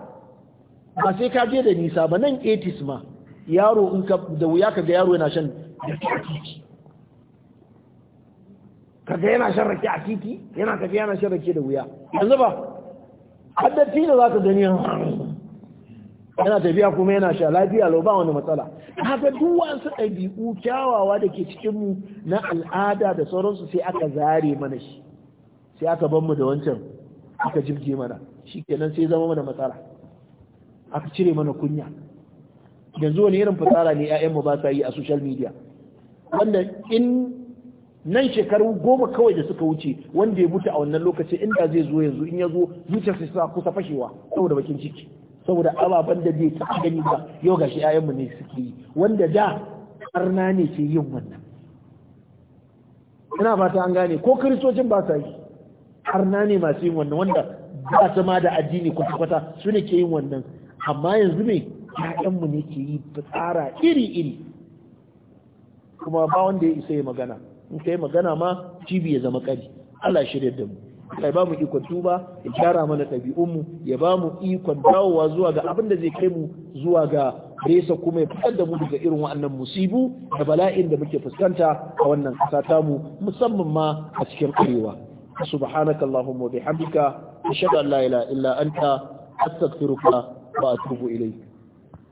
ba sai ka je da nisa ba nan 80 ma yaro in ka da wuya ka ga yaro yana shan titi ga yana shan rake a titi yana ga yana shan rake da wuya yanzu ba haddafi da za ka gani yana tafiya kuma yana sha lafiya lau ba wani matsala haka duk wasu ɗabi'u kyawawa da ke cikinmu na al'ada da sauransu sai aka zare mana shi sai aka ban mu da wancan aka jirge mana shi kenan sai zama mana matsala aka cire mana kunya yanzu wani irin fitsara ne 'ya'yanmu ba sa yi a social media wanda in nan shekaru goma kawai da suka wuce wanda ya mutu a wannan lokaci inda zai zo yanzu in ya zo zuciyarsa sa kusa fashewa saboda bakin ciki saboda ababen da bai taɓa gani ba yau gashi mu ne suke yi wanda da karna ne ke yin wannan ina fata an gane ko kiristocin ba sa yi karna ne masu yin wannan wanda ba ta ma da addini kwata-kwata su ne ke yin wannan amma yanzu ne Ya'yanmu ne ke yi fitsara iri-iri kuma ba wanda ya isa ya magana in ka yi magana ma cibi ya zama kari Allah shirya da mu kai ba mu ikon tuba ya gyara mana ɗabi'unmu ya ba mu ikon dawowa zuwa ga abin da zai kai mu zuwa ga resa kuma ya fitar da mu daga irin wannan musibu da bala'in da muke fuskanta a wannan ƙasa mu. musamman ma a cikin arewa subhanaka allahumma wa bihamdika ashhadu an la ilaha illa anta astaghfiruka wa atubu ilayk